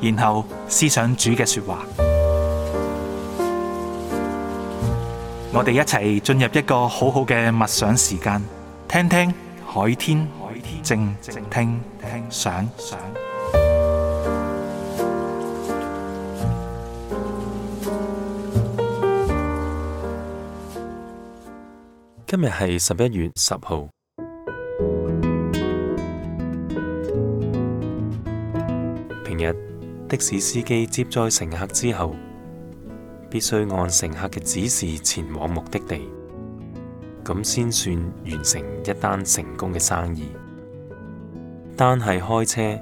然後思想主嘅說話，我哋一齊進入一個好好嘅默想時間，聽聽海天靜靜聽聽想想。今日係十一月十號，平日。的士司機接載乘客之後，必須按乘客嘅指示前往目的地，咁先算完成一單成功嘅生意。單係開車，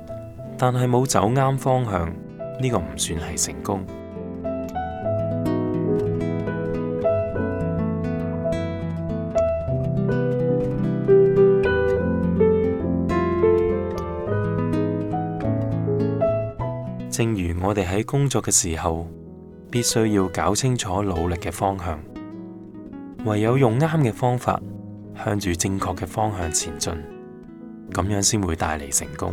但係冇走啱方向，呢個唔算係成功。正如我哋喺工作嘅時候，必須要搞清楚努力嘅方向，唯有用啱嘅方法，向住正確嘅方向前進，咁樣先會帶嚟成功。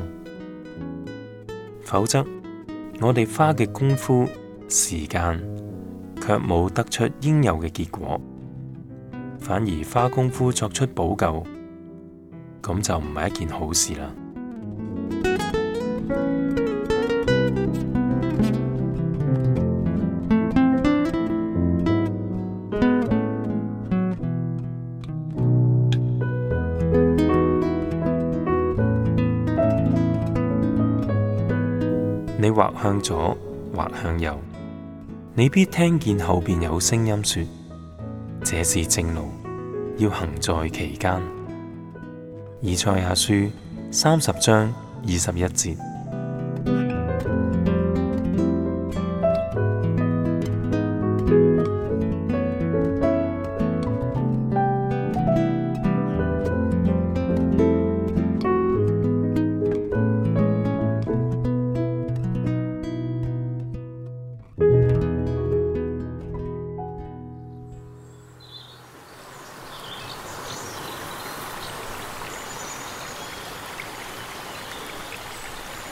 否則，我哋花嘅功夫、時間，卻冇得出應有嘅結果，反而花功夫作出補救，咁就唔係一件好事啦。你或向左，或向右，你必聽見後邊有聲音說：這是正路，要行在其間。以賽亞書三十章二十一節。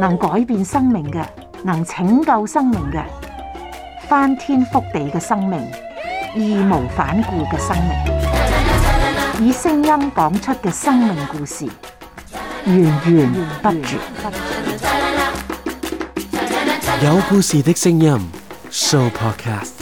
能改變生命嘅，能拯救生命嘅，翻天覆地嘅生命，義無反顧嘅生命，以聲音講出嘅生命故事，源源不絕。有故事的聲音，Sooo Podcast。